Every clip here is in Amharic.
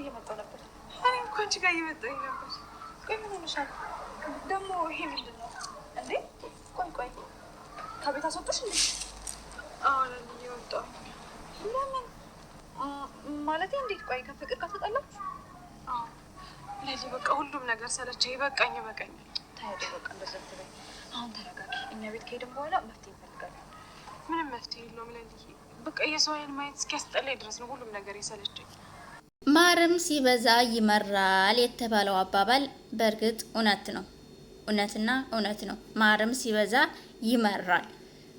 እየመጣሁ ነበር። እኔ እኮ አንቺ ጋር እየመጣሁ ነበር። ቆይ ምን ሆነሻል ደግሞ? ይሄ ምንድን ነው እንዴ? ቆይ ቆይ ከቤት አስወጡሽ እንዴ? አሁን እየወጣሁ ለምን ማለት እንዴት? ቆይ ከፍቅር ጋር ተጣላችሁ? ለዚህ በቃ ሁሉም ነገር ሰለቸ። ይበቃኝ ይበቃኛል። ታያደ በቃ እንደዛ ትበይ። አሁን ተረጋጊ። እኛ ቤት ከሄድን በኋላ መፍትሄ እንፈልጋለን። ምንም መፍትሄ የለውም። ለዚህ በቃ የሰው አይን ማየት እስኪያስጠላኝ ድረስ ነው ሁሉም ነገር የሰለቸኝ። ማርም ሲበዛ ይመራል የተባለው አባባል በእርግጥ እውነት ነው። እውነትና እውነት ነው። ማርም ሲበዛ ይመራል።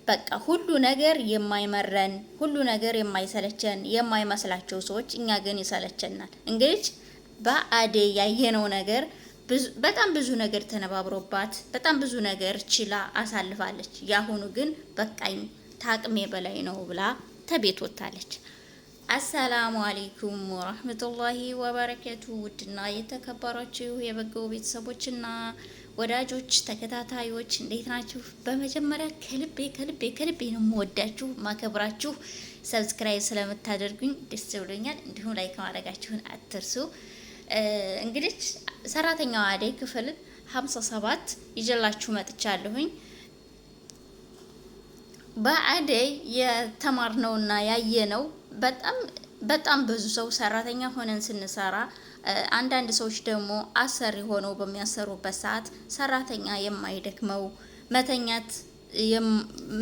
በቃ ሁሉ ነገር የማይመረን ሁሉ ነገር የማይሰለቸን የማይመስላቸው ሰዎች፣ እኛ ግን ይሰለቸናል። እንግዲህ በአዴ ያየነው ነገር በጣም ብዙ ነገር ተነባብሮባት በጣም ብዙ ነገር ችላ አሳልፋለች። ያሁኑ ግን በቃኝ ታቅሜ በላይ ነው ብላ ተቤት ወታለች። አሰላሙ አሌይኩም ወረህመቱላሂ ወበረከቱ። ውድና የተከበራችሁ የበጎ ቤተሰቦችና ወዳጆች ተከታታዮች እንዴት ናችሁ? በመጀመሪያ ከልቤ ከልቤ ከልቤ ነው የምወዳችሁ ማከብራችሁ። ሰብስክራይብ ስለምታደርጉኝ ደስ ብሎኛል። እንዲሁም ላይክ ማድረጋችሁን አትርሱ። እንግዲህ ሰራተኛዋ አደይ ክፍል ሀምሳ ሰባት ይዤላችሁ መጥቻለሁኝ። በአደይ የተማርነውና ያየነው በጣም በጣም ብዙ ሰው ሰራተኛ ሆነን ስንሰራ አንዳንድ ሰዎች ደግሞ አሰሪ ሆነው በሚያሰሩበት ሰዓት ሰራተኛ የማይደክመው መተኛት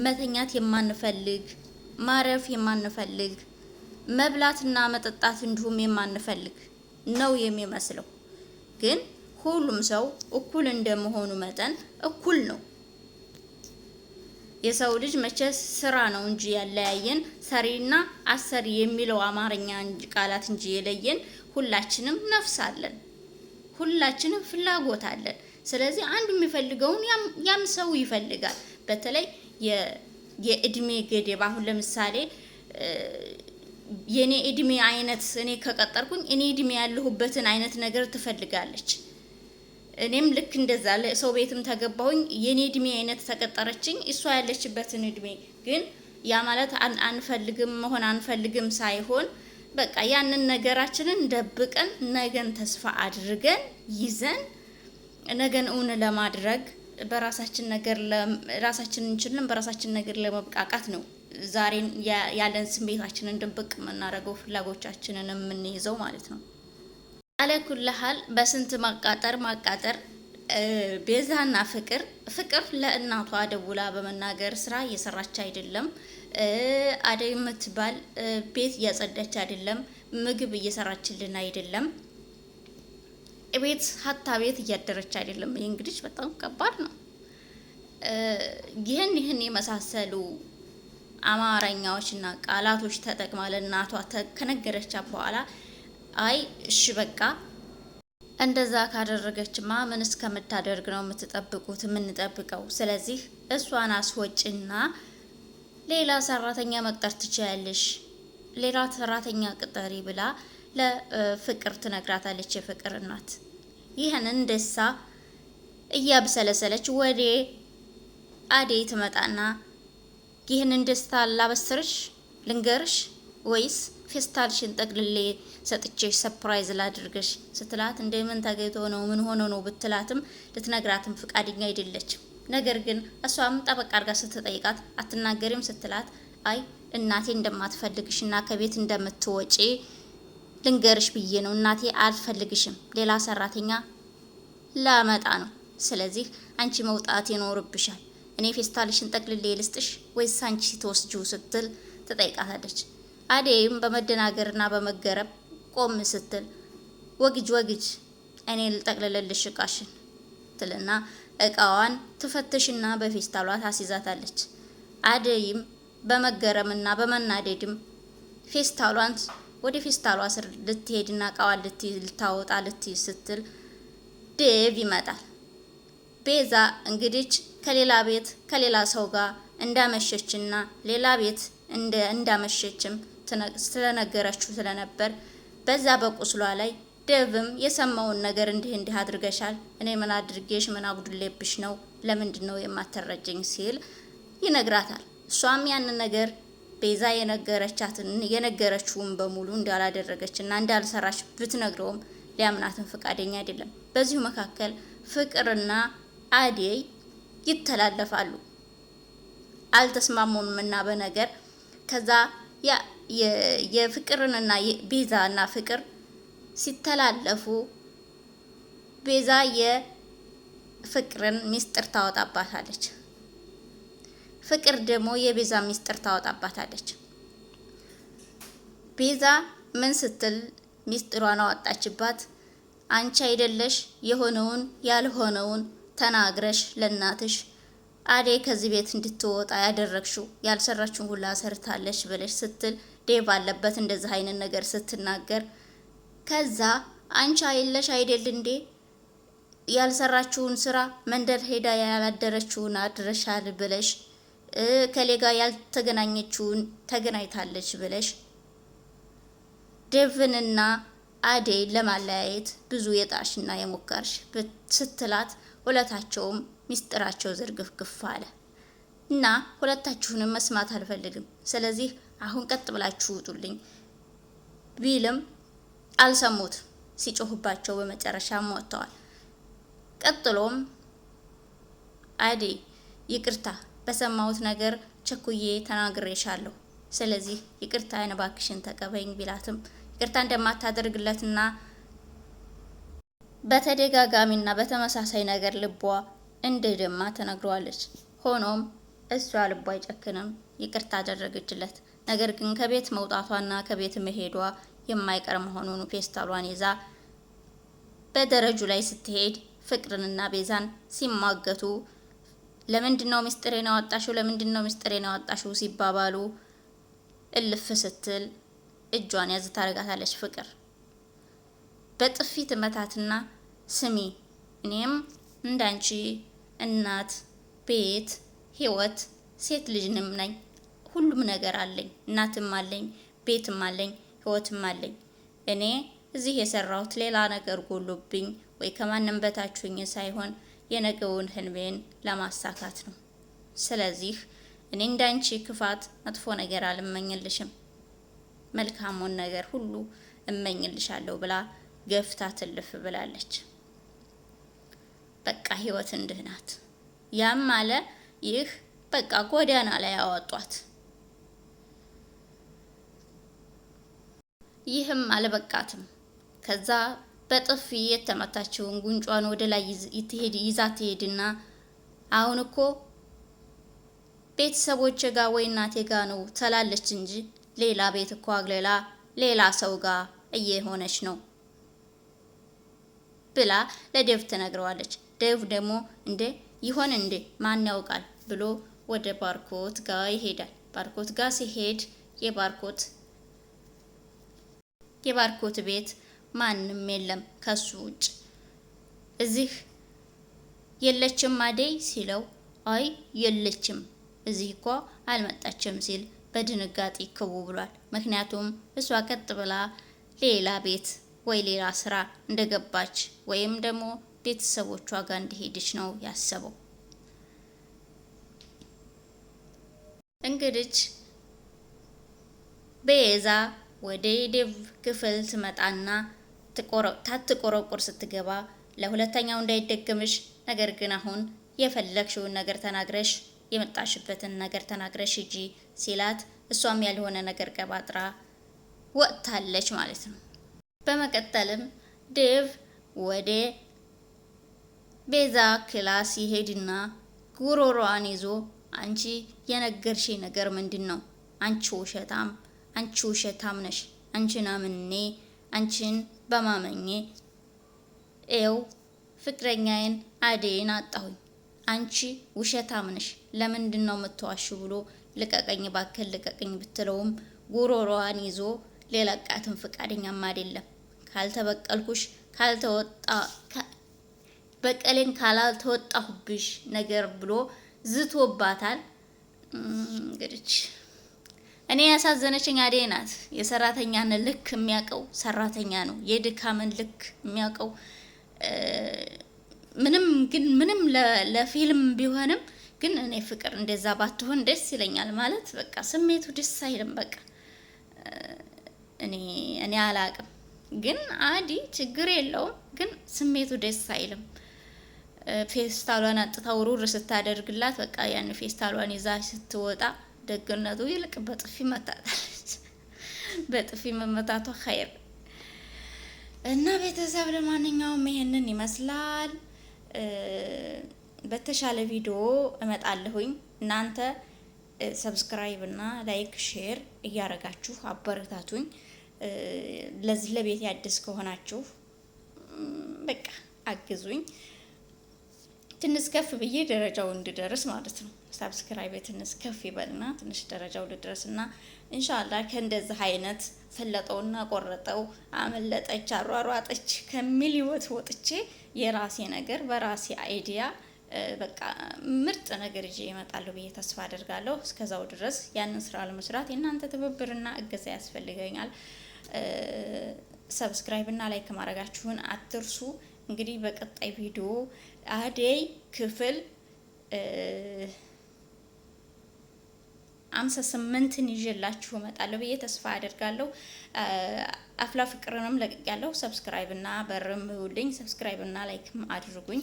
መተኛት የማንፈልግ ማረፍ የማንፈልግ መብላትና መጠጣት እንዲሁም የማንፈልግ ነው የሚመስለው። ግን ሁሉም ሰው እኩል እንደመሆኑ መጠን እኩል ነው። የሰው ልጅ መቼ ስራ ነው እንጂ ያለያየን ሰሪና አሰሪ የሚለው አማርኛ ቃላት እንጂ የለየን። ሁላችንም ነፍስ አለን፣ ሁላችንም ፍላጎት አለን። ስለዚህ አንዱ የሚፈልገውን ያም ሰው ይፈልጋል። በተለይ የእድሜ ገደብ አሁን ለምሳሌ የእኔ እድሜ አይነት እኔ ከቀጠርኩኝ እኔ እድሜ ያለሁበትን አይነት ነገር ትፈልጋለች። እኔም ልክ እንደዛ ሰው ቤትም ተገባሁኝ። የኔ እድሜ አይነት ተቀጠረችኝ፣ እሷ ያለችበትን እድሜ ግን ያ ማለት አንፈልግም መሆን አንፈልግም ሳይሆን በቃ ያንን ነገራችንን ደብቀን ነገን ተስፋ አድርገን ይዘን ነገን እውን ለማድረግ በራሳችን ነገር ራሳችን እንችልን በራሳችን ነገር ለመብቃቃት ነው። ዛሬን ያለን ስሜታችንን ድብቅ የምናደርገው ፍላጎቻችንን የምንይዘው ማለት ነው። አለኩልሃል በስንት ማቃጠር ማቃጠር ቤዛና ፍቅር ፍቅር ለእናቷ ደውላ በመናገር ስራ እየሰራች አይደለም። አደይ የምትባል ቤት እያጸዳች አይደለም። ምግብ እየሰራችልን አይደለም። ቤት ሀታ ቤት እያደረች አይደለም። ይህ እንግዲህ በጣም ከባድ ነው። ይህን ይህን የመሳሰሉ አማርኛዎችና ቃላቶች ተጠቅማ ለእናቷ ከነገረቻት በኋላ አይ እሺ በቃ እንደዛ ካደረገችማ ምን እስከምታደርግ ነው የምትጠብቁት? የምንጠብቀው? ስለዚህ እሷን አስወጭና ሌላ ሰራተኛ መቅጠር ትችያለሽ፣ ሌላ ሰራተኛ ቅጠሪ ብላ ለፍቅር ትነግራታለች። የፍቅር እናት ይህንን ደሳ እያብሰለሰለች ወዴ አዴ ትመጣና ይህንን ደስታ ላበስርሽ ልንገርሽ ወይስ ፌስታልሽን ጠቅልሌ ሰጥቼሽ ሰፕራይዝ ላድርገሽ ስትላት እንደምን ተገይቶ ነው ምን ሆኖ ነው ብትላትም ልትነግራትም ፍቃደኛ አይደለችም። ነገር ግን እሷም ጣበቃ አድርጋ ስትጠይቃት አትናገሪም ስትላት አይ እናቴ እንደማትፈልግሽ እና ከቤት እንደምትወጪ ልንገርሽ ብዬ ነው። እናቴ አልፈልግሽም፣ ሌላ ሰራተኛ ላመጣ ነው። ስለዚህ አንቺ መውጣት ይኖርብሻል። እኔ ፌስታልሽን ጠቅልሌ ልስጥሽ ወይስ አንቺ ትወስጂው ስትል ትጠይቃታለች። አደይም በመደናገርና በመገረም ቆም ስትል ወግጅ ወግጅ እኔ ልጠቅልልልሽ እቃሽን ትልና እቃዋን ትፈትሽና በፌስታሏ ታስይዛታለች። አደይም በመገረምና በመናደድም ፌስታሏን ወደ ፌስታሏ ስር ልትሄድና እቃዋን ልታወጣ ልትይ ስትል ዴቭ ይመጣል። ቤዛ እንግዲች ከሌላ ቤት ከሌላ ሰው ጋር እንዳመሸችና ሌላ ቤት እንዳመሸችም ስለነገረችው ስለነበር በዛ በቁስሏ ላይ ደብም የሰማውን ነገር እንዲህ እንዲህ አድርገሻል፣ እኔ ምን አድርጌሽ ምን አጉድሌብሽ ነው ለምንድን ነው የማተረጀኝ ሲል ይነግራታል። እሷም ያንን ነገር ቤዛ የነገረቻትን የነገረችውን በሙሉ እንዳላደረገችና እንዳልሰራች ብትነግረውም ሊያምናትን ፈቃደኛ አይደለም። በዚሁ መካከል ፍቅርና አዴይ ይተላለፋሉ። አልተስማሙም እና በነገር ከዛ የፍቅርንና ቤዛና ፍቅር ሲተላለፉ ቤዛ የፍቅርን ሚስጥር ታወጣባታለች፣ ፍቅር ደግሞ የቤዛ ሚስጥር ታወጣባታለች። ቤዛ ምን ስትል ሚስጥሯን አወጣችባት? አንቺ አይደለሽ የሆነውን ያልሆነውን ተናግረሽ ለእናትሽ አዴ ከዚህ ቤት እንድትወጣ ያደረግሽው ያልሰራችውን ሁላ ሰርታለች ብለሽ ስትል ዴቭ አለበት እንደዚህ አይነት ነገር ስትናገር፣ ከዛ አንቺ አይለሽ አይደል እንዴ ያልሰራችውን ስራ መንደር ሄዳ ያላደረችውን አድረሻል ብለሽ ከሌጋ ያልተገናኘችውን ተገናኝታለች ብለሽ ዴቭንና አዴ ለማለያየት ብዙ የጣርሽና የሞከርሽ ስትላት ሁለታቸውም ሚስጥራቸው ዝርግፍግፍ አለ እና ሁለታችሁንም መስማት አልፈልግም። ስለዚህ አሁን ቀጥ ብላችሁ ውጡልኝ ቢልም አልሰሙት። ሲጮሁባቸው በመጨረሻ ሞተዋል። ቀጥሎም አዴ ይቅርታ፣ በሰማሁት ነገር ቸኩዬ ተናግሬሻለሁ። ስለዚህ ይቅርታ እባክሽን ተቀበይኝ ቢላትም ይቅርታ እንደማታደርግለትና በተደጋጋሚና በተመሳሳይ ነገር ልቧ እንደደማ ተነግረዋለች። ሆኖም እሷ ልቧ አይጨክንም፣ ይቅርታ አደረገችለት። ነገር ግን ከቤት መውጣቷና ከቤት መሄዷ የማይቀር መሆኑን ፌስታሏን ይዛ በደረጁ ላይ ስትሄድ ፍቅርንና ቤዛን ሲማገቱ ለምንድን ነው ምስጢሬን አወጣሽው? ለምንድን ነው ምስጢሬን አወጣሽው? ሲባባሉ እልፍ ስትል እጇን ያዝ ታረጋታለች። ፍቅር በጥፊ ትመታትና ስሚ እኔም እንዳንቺ እናት፣ ቤት፣ ህይወት ሴት ልጅንም ነኝ ሁሉም ነገር አለኝ። እናትም አለኝ፣ ቤትም አለኝ፣ ህይወትም አለኝ። እኔ እዚህ የሰራሁት ሌላ ነገር ጎሎብኝ ወይ ከማንም በታችሁኝ ሳይሆን የነገውን ህልሜን ለማሳካት ነው። ስለዚህ እኔ እንዳንቺ ክፋት፣ መጥፎ ነገር አልመኝልሽም፣ መልካሙን ነገር ሁሉ እመኝልሻለሁ ብላ ገፍታ ትልፍ ብላለች። በቃ ህይወት እንድህ ናት። ያም አለ ይህ በቃ ጎዳና ላይ አወጧት። ይህም አለበቃትም ከዛ በጥፊ የተመታችውን ጉንጯን ወደ ላይ ይዛ ትሄድና አሁን እኮ ቤተሰቦች ጋ ወይ እናቴ ጋ ነው ትላለች እንጂ ሌላ ቤት እኮ አግለላ ሌላ ሰው ጋ እየሆነች ነው ብላ ለዴቭ ትነግረዋለች። ዴቭ ደግሞ እንዴ ይሆን እንዴ ማን ያውቃል ብሎ ወደ ባርኮት ጋ ይሄዳል። ባርኮት ጋ ሲሄድ የባርኮት የባርኮት ቤት ማንም የለም ከሱ ውጭ። እዚህ የለችም አደይ ሲለው አይ የለችም እዚህ እኮ አልመጣችም ሲል በድንጋጤ ክው ብሏል። ምክንያቱም እሷ ቀጥ ብላ ሌላ ቤት ወይ ሌላ ስራ እንደገባች ወይም ደግሞ ቤተሰቦቿ ጋር እንደሄደች ነው ያሰበው። እንግዲህ ቤዛ ወደ የዴቭ ክፍል ትመጣና ታትቆረቁር ስትገባ ለሁለተኛው እንዳይደገምሽ፣ ነገር ግን አሁን የፈለግሽውን ነገር ተናግረሽ የመጣሽበትን ነገር ተናግረሽ ሂጂ ሲላት እሷም ያልሆነ ነገር ቀባጥራ ወጥታለች ማለት ነው። በመቀጠልም ዴቭ ወደ ቤዛ ክላስ ይሄድና ጉሮሯን ይዞ አንቺ የነገርሽ ነገር ምንድን ነው? አንቺ ውሸታም አንቺ ውሸታም ነሽ፣ አንቺን አምኔ አንቺን በማመኜ ኤው ፍቅረኛዬን አደይን አጣሁኝ። አንቺ ውሸታም ነሽ፣ ለምንድን ነው የምትዋሽ ብሎ ልቀቀኝ ባክል ልቀቀኝ ብትለውም ጉሮሮዋን ይዞ ሌላ ቃትን ፈቃደኛም አይደለም። ካልተበቀልኩሽ ካልተወጣ በቀሌን ካላልተወጣሁብሽ ነገር ብሎ ዝቶባታል እንግዲህ እኔ ያሳዘነችኝ አደይ ናት። የሰራተኛን ልክ የሚያውቀው ሰራተኛ ነው። የድካምን ልክ የሚያውቀው ምንም ግን ምንም ለፊልም ቢሆንም ግን እኔ ፍቅር እንደዛ ባትሆን ደስ ይለኛል። ማለት በቃ ስሜቱ ደስ አይልም። በቃ እኔ እኔ አላቅም ግን አዲ ችግር የለውም ግን ስሜቱ ደስ አይልም። ፌስታሏን አጥታ ውሩር ስታደርግላት በቃ ያን ፌስታሏን ይዛ ስትወጣ ደግነቱ ይልቅ በጥፊ መታታለች። በጥፊ መመታቷ ኸይር እና ቤተሰብ ለማንኛውም ይሄንን ይመስላል። በተሻለ ቪዲዮ እመጣለሁኝ። እናንተ ሰብስክራይብ እና ላይክ፣ ሼር እያረጋችሁ አበረታቱኝ። ለዚህ ለቤት ያደስ ከሆናችሁ በቃ አግዙኝ፣ ትንሽ ከፍ ብዬ ደረጃው እንድደርስ ማለት ነው። ሳብስክራይብ የትንሽ ከፍ ይበልና ትንሽ ደረጃው ልድረስና እንሻላ ከእንደዚህ አይነት ፈለጠውና ቆረጠው አመለጠች አሯሯጠች ከሚል ህይወት ወጥቼ የራሴ ነገር በራሴ አይዲያ በቃ ምርጥ ነገር ይዤ እመጣለሁ ብዬ ተስፋ አደርጋለሁ። እስከዛው ድረስ ያንን ስራ ለመስራት የእናንተ ትብብርና እገዛ ያስፈልገኛል። ሰብስክራይብና ላይክ ማድረጋችሁን አትርሱ። እንግዲህ በቀጣይ ቪዲዮ አደይ ክፍል አምሳ ስምንትን ይዤላችሁ እመጣለሁ ብዬ ተስፋ አደርጋለሁ። አፍላ ፍቅርንም ለቅቅ ያለው ሰብስክራይብ እና በርም ውልኝ ሰብስክራይብ እና ላይክም አድርጉኝ።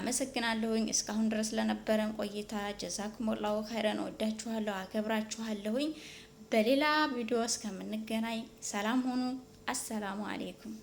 አመሰግናለሁኝ እስካሁን ድረስ ለነበረን ቆይታ ጀዛኩሙላሁ ኸይረን። ወዳችኋለሁ፣ አከብራችኋለሁኝ። በሌላ ቪዲዮ እስከምንገናኝ ሰላም ሆኑ። አሰላሙ አሌይኩም